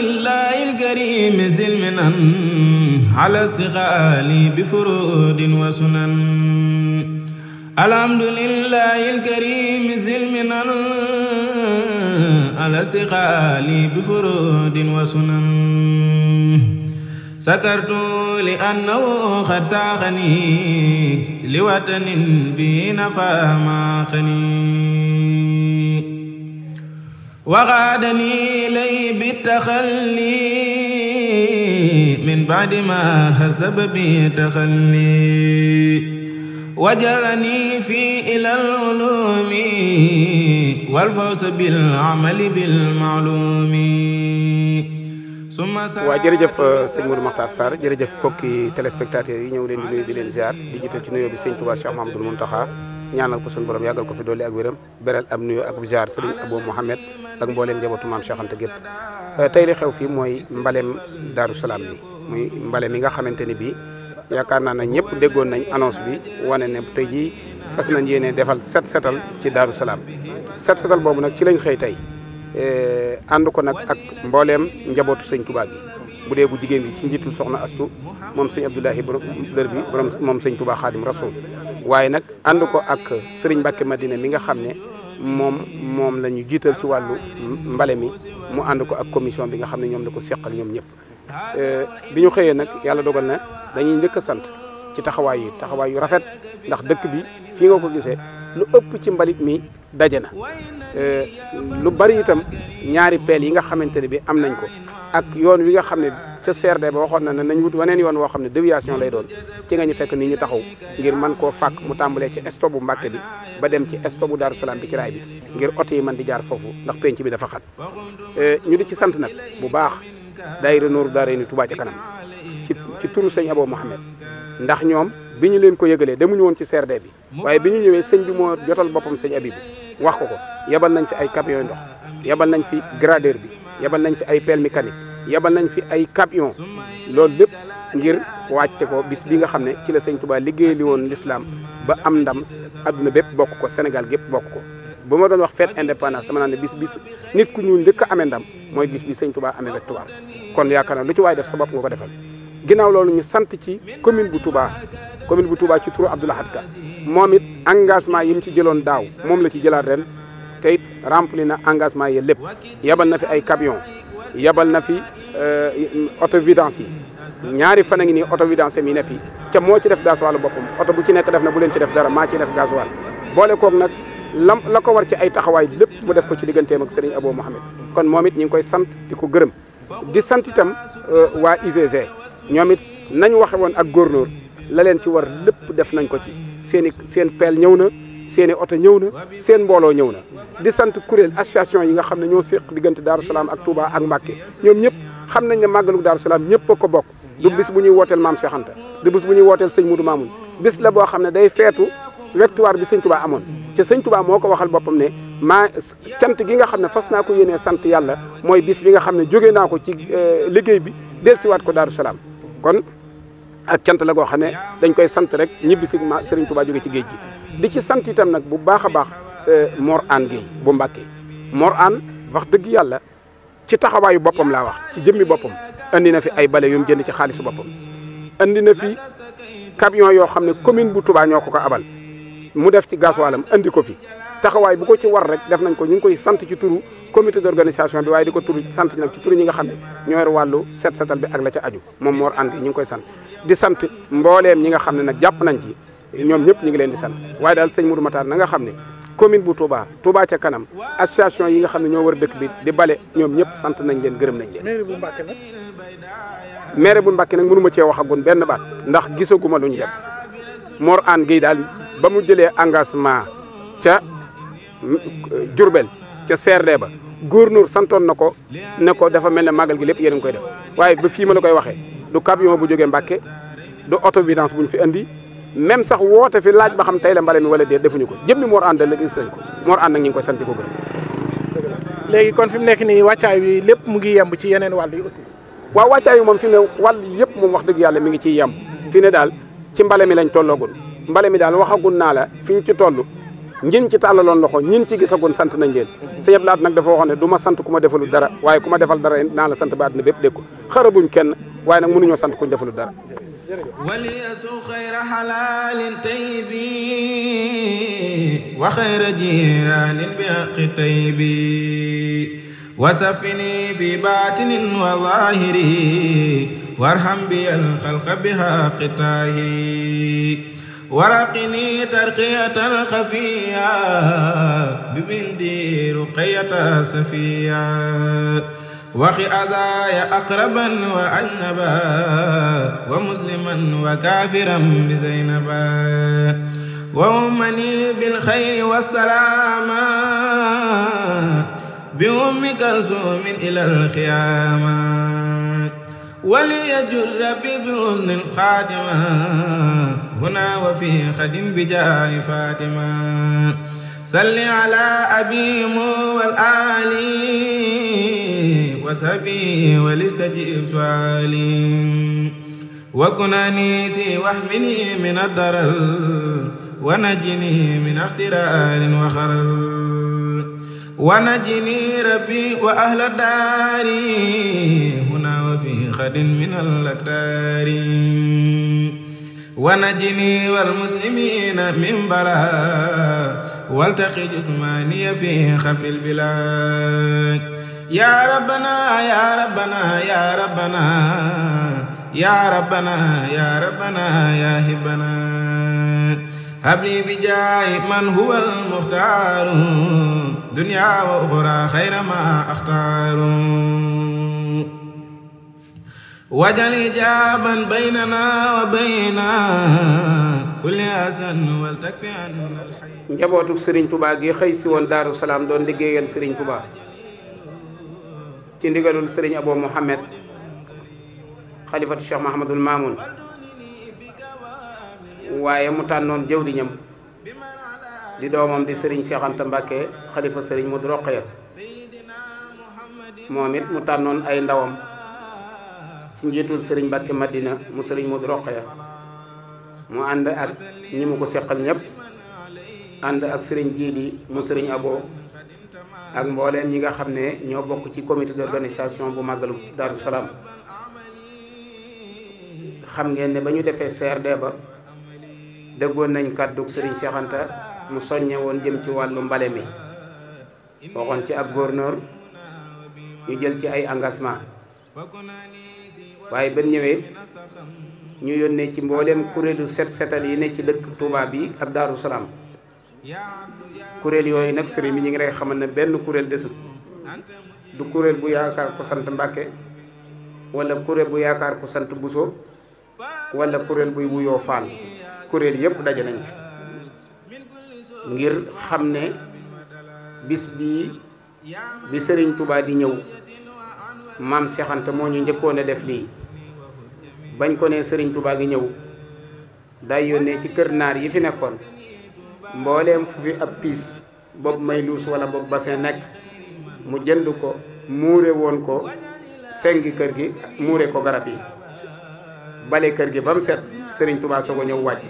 لله الكريم زلمنا على استغالي بفروض وسنن الحمد لله الكريم زلمنا على استغالي بفروض وسنن سكرت لأنه قد ساخني لوطن به نفى ما خني waxaadani lay bi taxalli min baadi ma xasaba bi taxalli wajarani fi ilal ulumi wal fawsa bil amali bil maalumi suma sa waaw jërëjëf sëñ Mourou Makhtar Sarr jërëjëf mbokki téléspectateurs yi ñëw leen di nuyu di leen ziar di jiital ci nuyoo bi sëñ Touba Cheikh Mahamadul Muntaxa ñaanal ko suñu borom yàggal ko fi dolli ak wéram beral am nuyoo ak ziar sëriñ Abou Mohamed ak mbooleem njabootu maam Cheikh Anta gépp euh, tey li xew fii mooy mbaleem Daaru Salaam bi muy mbaleem yi nga xamante ni bii yaakaar naa ne ñëpp déggoon nañ annonce bi wane ne tey jii fas nañ yéene defal set setal ci Daaru Salaam set setal boobu nag ci lañ xëy tey euh, ànd ko nag ak mbooleem njabootu sëñ Tuubaa bi bu dee bu jigéen bi ci njiitul soxna astu moom sëñ Abdoulahi borom dër bi borom moom sëñ Tuubaa Xaadim Rasuul waaye nag ànd ko ak sëriñ Mbàkke Madina mi nga xa ne moom moom la ñu jiital ci wàllu mbale mi mu ànd ko ak commission bi nga xam ne ñoom da ko seqal ñoom ñëpp. Euh, bi ñu xëyee nag yàlla dogal na dañuy njëkk a sant ci taxawaay yi taxawaay yu rafet ndax dëkk bi fii nga ko gisee lu ëpp ci mbalit mi daje na. Euh, lu bari itam ñaari peel yi nga xamante ne bi am nañ ko ak yoon wi nga xam ne. ca CRD ba waxoon na ne nañ wut waneen yoon woo xam ne déviation lay doon ci nga ñu fekk ni ñu taxaw ngir man ko fàkk mu tàmbalee ci stop bu Mbàkke bi ba dem ci stop bu Daaru Salaam bi ci raay bi ngir oto yi man di jaar foofu ndax penc bi dafa xat euh, ñu di ci sant nag bu baax daayira Nooru Daarayni Touba ca kanam ci ci turu sëñ Abo Mohamed ndax ñoom bi ñu leen ko yëgalee demuñu woon ci CRD bi waaye bi ñu ñëwee sëñ bi moo jotal boppam sëñ Abibu wax ko yebal nañ fi ay camion yebal nañ fi gradeur bi yebal nañ fi ay pelle yebal nañ fi ay camion loolu lépp ngir wàcce ko bis bi nga xam ne ci la sëñ Tuubaa liggéey li woon lislaam ba am ndam adduna bépp bokk ko Sénégal gépp bokk ko ba ma doon wax fête indépendance dama naan ne bis bis nit ku ñuul njëkk ame ndam mooy bis bi sëñ Tuubaa amee rek Tuubaa kon yaakaar naa lu ci waay def sa bopp nga ko defal ginnaaw loolu ñu sant ci commune bu Touba commune bu tubaa ci turu Abdou Lahad Ka moom it engagement yi mu ci jëloon daaw moom la ci jëlaat ren te it na engagement yi lépp yebal na fi ay camion yabal na fi auto euh, vidange yi ñaari fan a ngi nii auto vidange mi ne fi ca moo ci def gasoil boppam oto bu ci nekk def na bu leen ci def dara maa ciy def gasoil boole koog nag lam la ko war ci ay taxawaay lépp mu def ko ci digganteem ak Serigne Abou Mohamed kon moom it ngi koy sant di ko gërëm di sant itam euh, waa UGC ñoom it nañ waxe woon ak góornóor la leen ci war lépp def nañ ko ci seen i seen peel ñëw na seeni oto ñëw na seen mbooloo ñëw na di sant kuréel association yi nga xam ne ñoo séq diggante Daaru Salaam ak Touba ak Mbàkke ñoom ñëpp xam nañ ne màggalu Daaru Salaam ñëpp a ko bokk du bis bu ñuy wooteel maam Cheikh Anta du bis bu ñuy wooteel sëñ Mudu Maamun bis la boo xam ne day feetu victoire bi sëñ Touba amoon ca sëñ Touba moo ko waxal boppam ne maa cant gi nga xam ne fas naa ko yéenee sant yàlla mooy bis bi nga xam ne jóge naa ko ci eh, liggéey bi dellusiwaat ko Daaru Salaam ak cant la goo xam ne dañ koy sant rek ñibbi si ma Serigne Touba jóge ci géej gi di ci sant itam nag bu baax a baax euh, Mor An Guèye bu Mbàkke moor An wax dëgg yàlla ci taxawaayu boppam laa wax ci jëmmi boppam indi na fi ay bale yu mu jënd ci xaalisu boppam andi na fi camion yoo xam ne commune bu Touba ñoo ko ko abal mu def ci gasoilam indi ko fi taxawaay bu ko ci war rek def nañ ko ñu ngi koy sant ci turu comité d'organisation bi waaye di ko turu sant nag ci ñi nga xam ne ñoo yor wàllu set bi ak la ca aju moom Mor An Guèye ñu ngi koy sant di sant mbooleem ñi nga xam ne nag jàpp nañ ci ñoom ñëpp ñu ngi leen di sant waaye daal sëñ Modou Matar na nga xam ne commune bu Touba Touba ca kanam association yi nga xam ne ñoo war dëkk bi di bale ñoom ñëpp sant nañ leen gërëm nañ leen. maire bu bu Mbàkke nag mënu ma cee wax agoon benn baat ndax ma lu ñu def Mor An Guèye daal ba mu jëlee engagement ca euh, Diourbel ca CRD ba góor noor santoon na ko ne ko dafa mel ne màggal gi lépp yéen koy def waaye ba fii ma la koy waxee. du camion bu jógee Mbàkke du oto bu ñu fi andi même sax woote fi laaj ba xam tey la mbale mi wala de defuñu ko jëmmi Mor Anda léegi gis nañ ko Mor Anda nag ñu ngi ko gërëm. léegi kon fi mu nekk nii wàccaay bi lépp mu ngi yemb ci yeneen wàll yi aussi. waaw wàccaay bi moom fi mu ne wàll yëpp moom wax dëgg yàlla mi ngi ciy yemb fi ne daal ci mbale mi lañ tolloogul mbale mi daal waxagul naa la fi ñu ci toll ñin ci tàllaloon loxo ñin ci gisagoon sant nañ leen sëñ Abdou Lahad nag dafa ne du ma sant ku ma defalu dara waaye ku ma defal dara naa la sant ba àddina bépp dégg ko xarabuñ kenn waaye nag mënuñoo sant kuñ defalu dara waliyasu xayra xalaalin taybi wa xayra jiraanin bi aqi taybi wasafini fi baatinin wa zaahiri warham bi alxalqa bi xaqi taahiri ورقني ترقية خفية ببندي رقية سفية وخي أذاي أقربا وأجنبا ومسلما وكافرا بزينبا وأمني بالخير والسلامة بأم كلثوم إلى الخيامة وليجر بحسن الخاتمة هنا وفي خدم بجاه فاطمة صل على أبي مو والآل وصحبه ولستجب سؤالي وكن أنيسي واحمني من الضرر ونجني من اخترار وخرر ونجني ربي وأهل داري في خد من الأكتار ونجني والمسلمين من بلاء والتقي جسماني في خبر البلاد يا ربنا يا ربنا يا ربنا يا ربنا يا ربنا يا هبنا هب لي بجاه من هو المختار دنيا وأخرى خير ما أختار wajal ijaaban baynana wa bayna kulli asan wal takfi anna alxay njabootu Serigne Touba gi xëy si woon Daaru Salaam doon liggéeyal Serigne Touba ci ndigalul Serigne Abo Mouhamed xalifatu Cheikh Mahamadul Mamoun waaye mu tànnoon jëwriñam di doomam di Serigne Cheikh Anta Mbacke xalifa Serigne Modou Rokhaya moom it mu tànnoon ay ndawam. ci njiitul sëriñ Mbàkke Madina mu sëriñ Moodu Roqaya mu ànd ak ñi mu ko seqal ñëpp ànd ak sëriñ Jiidi mu sëriñ Abo ak mbooleem ñi nga xam ne ñoo bokk ci comité d'organisation bu màggalu Daaru Salaam xam ngeen ne ba ñu defee CRD ba déggoon nañ kàddu sëriñ Cheikh mu soññe woon jëm ci wàllu mbale mi waxoon ci ab gouverneur ñu jël ci ay engagement waaye ba ñëwee ñu yónnee ci mbooleem kuréelu set setal yi ne ci dëkk Touba bi ak Daaru Salaam kuréel yooyu nag sëriñ bi ñu ngi lay xamal ne benn kuréel desut du kuréel bu yaakaar ko sant Mbàkke wala kuréel bu yaakaar ko sant Buso wala kuréel buy wuyoo Faal kuréel yëpp daje nañ fi ngir xam ne bis bii bi sëriñ Touba di ñëw maam Cheikh moo ñu njëkkoone def lii bañ ko ne Serigne Touba gi ñëw day yónnee ci kër naar yi fi nekkoon mbooleem fu fi ab piis bopp may luus wala bopp bassin nekk mu jënd ko muure woon ko sengi kër gi muure ko garab yi bale kër gi ba mu set sëriñ Touba soog a ñëw wàcc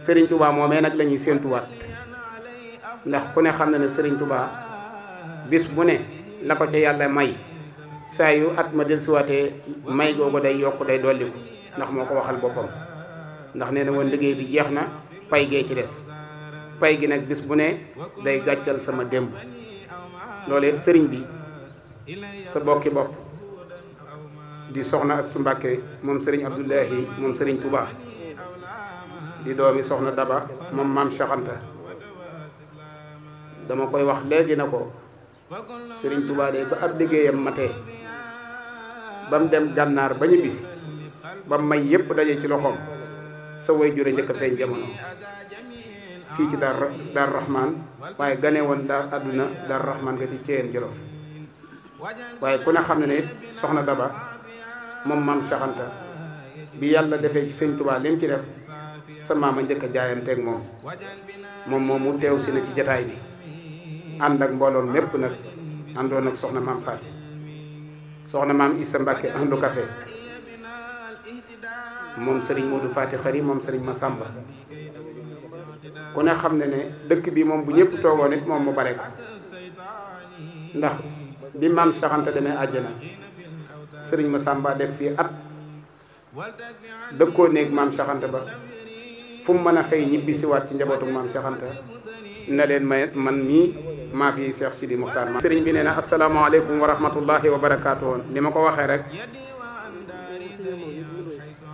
Serigne Touba moomee nag lañuy ñuy séentuwaat ndax ku ne xam na ne Serigne Touba bis bu ne la ko ca yàlla may. saa yu at ma dellusiwaatee may googu day yokk day dolliku ndax moo ko waxal boppam ndax nee na woon liggéey bi jeex na pay gee ci des pay gi nag bis bu ne day gàccal sama démb loolee sëriñ bi sa bokki bopp di soxna Astu Mbàkke moom sëriñ Abdullahi moom sëriñ Touba di doomi soxna Daba moom maam Cheikh dama koy wax léegi na ko sëriñ Tuubaa de ba ab liggéeyam matee ba mu dem gànnaar ba ñu bis ba may yépp daje ci loxoom sa way jure njëkk a feeñ jamono fii ci daar daar waaye gane woon daar àdduna daar rahman nga ci ceyeen jolof waaye ku ne xam ne ne soxna daba moom maam saxanta bi yàlla defee ci sëñ Tuubaa lim ci def sa maama njëkk a jaayanteeg moom moom moom mu teew si na ci jataay bi ànd ak mbooloo mépp nag àndoon ak soxna maam Faati soxna maam Issa Mbacke ahlu café moom Serigne Modou Faati Xari moom ma sàmba ku ne xam ne ne dëkk bi moom bu ñëpp toogoon it moom mu bare ko ndax bi maam Cheikh Anta demee àjjana Serigne Massamba def fii at dëkkoo néeg maam Cheikh Anta ba fu mu mën a xëy ñibbi waat ci njabootu maam Cheikh na leen may man mii maa fi Cheikh Sidi Muxtaar ma sëriñ bi nee na asalaamaaleykum wa rahmatullahi wa barakaatuh ni ma ko waxee rek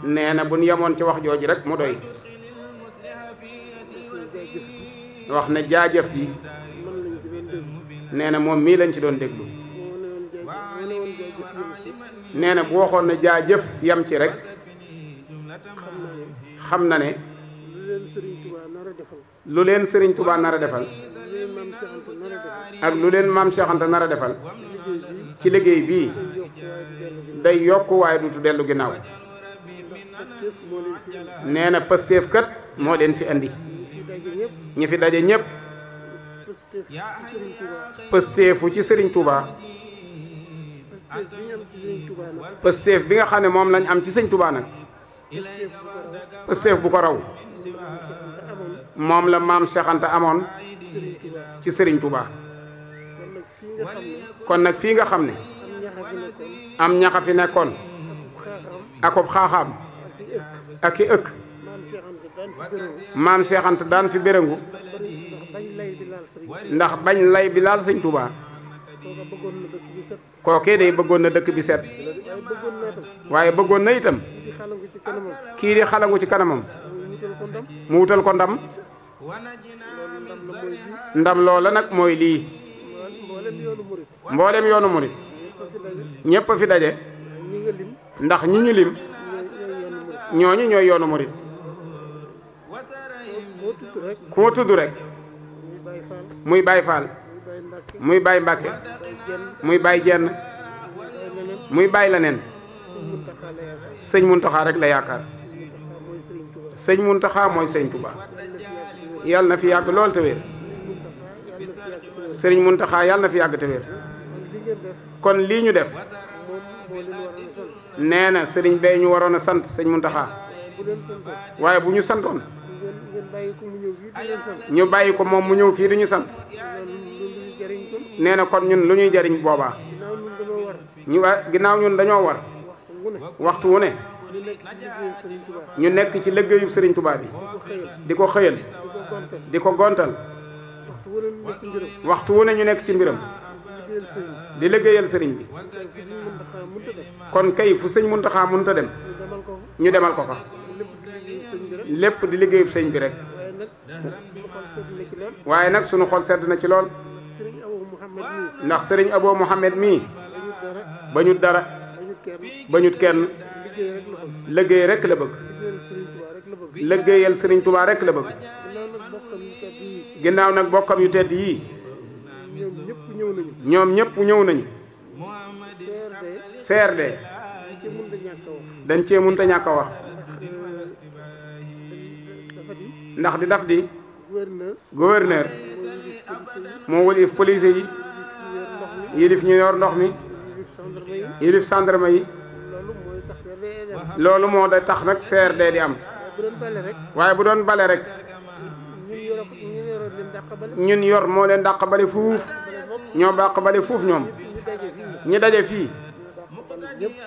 nee na bu ñu yemoon ci wax jooju rek mu doy wax ne jaajëf ji nee na moom mii lañ ci doon déglu nee na bu waxoon ne jaajëf yam ci rek xam na ne lu leen Serigne Touba nar a defal ak lu leen maam Cheikh nar a defal ci liggéey bii day yokk waaye dutu dellu ginnaaw nee na Pastef kat moo leen fi andi ñi fi daje ñëpp Pastefu ci sëriñ Touba Pastef bi nga xam ne moom lañ am ci Serigne Touba nag Pastef bu ko raw moom la maam Cheikh amoon ci sëriñ tubaa kon nag fii nga xam ne am ñaxa fi nekkoon akob xaaxaam ak i ëkk maam Cheikh Anta daan fi béréngu ndax bañ lay bi laal sëñ Touba kookee day bëggoon na dëkk bi set waaye bëggoon na itam kii di xalangu ci kanamam mu wutal ko ndam ndam loola nag mooy lii mboolem yoonu murit ñépp a fi daje ndax ñi ñu lim ñooñu ñooy yoonu murit ku ma tudd muy Baay Faal muy Baay Mbàkke muy Baay Jenn muy Baay leneen sëñ muntaxaar rek la yaakaar sëñ Muntaxa mooy sëñ Tuubaa yàlla na fi yàgg lool te wér sëriñ Muntaxa yàlla na fi yàgg te kon lii ñu def nee na sëriñ bee ñu waroon a sant sëñ Muntaxa waaye bu ñu santoon ñu bàyyi ko moom mu ñëw fii di ñu sant nee na kon ñun lu ñuy jariñ boobaa ginnaaw ñun dañoo war waxtu wu ne ñu nekk ci liggéeyu sëriñ Tuubaa bi di ko xëyal di ko gontal waxtu wu ne ñu nekk ci mbiram di liggéeyal sëriñ bi kon kay fu sëñ Muntaxa munta dem ñu demal ko fa lépp di liggéeyub sëñ bi rek waaye nag sunu xol sedd na ci lool ndax sëriñ Abo Mouhamed mii bañut dara bañut kenn liggéey rek la bëgg liggéeyal sëriñ Touba rek la bëgg ginnaaw nag bokkam yu tedd yii ñoom ñëpp ñëw nañu CRD dañ cee mënta ñàkk a wax ndax di daf di gouverneur moo wëlif police yi yilif ñu yor ndox mi yilif gendarme yi loolu moo da tax nag CRD di am waaye bu doon bale rek ñun yor moo leen dàq bale fuuf ñoo dàq bale fuuf ñoom ñi daje fii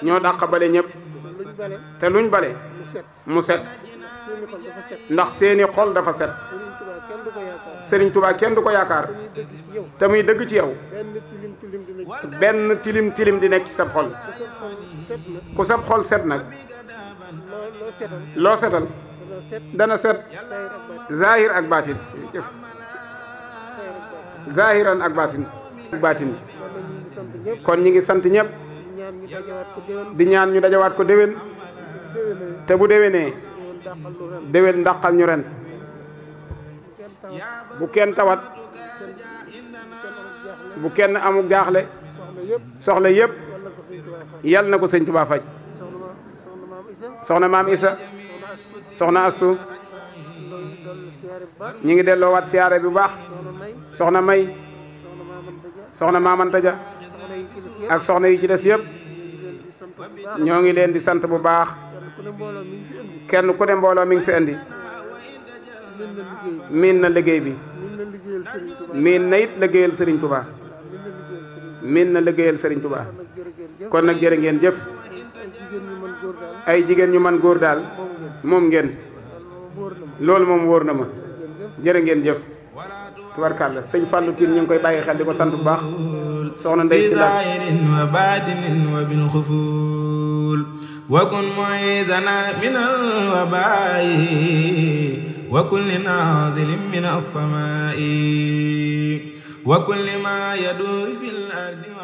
ñoo dàq bale ñëpp te luñ bale mu set ndax seeni xol dafa set Serigne tubaa kenn du ko yaakaar te muy dëgg ci yow benn tilim tilim di nekk ci sab xol ku sab xol set nag loo setal dana set zahir ak baatin jëf zahiran ak baatin ak baatin kon ñi ngi sant ñëpp di ñaan ñu dajawaat ko déwén te bu déwénee déwén ndaxal ñu ren bu kenn tawat bu kenn amuk jaaxle soxla yëpp yal na ko sëñ Tuubaa faj maam Isa soxna Astu ñi ngi delloo waat siyaare bu baax soxna May soxna Maamanta Ja ak soxna yi ci des yëpp ñoo ngi leen di sant bu baax kenn ku ne mbooloo mi ngi fi indi miin na liggéey bi miin na it liggéeyal Serigne miin na liggéeyal sëriñ Touba kon nag jërë ngeen jëf. ay jigéen ñu man góor daal moom ngeen loolu moom wóor na ma jërë ngeen jëf tubarkàlla sëñ Fallou Tine ñu ngi koy bàyyi xel di ko sant bu baax soxna Ndey si la wa batinin wa bil xuful wa kun muizana min al wabai wa kulli nazilim min as samai wa kulli ma yaduru fil ardi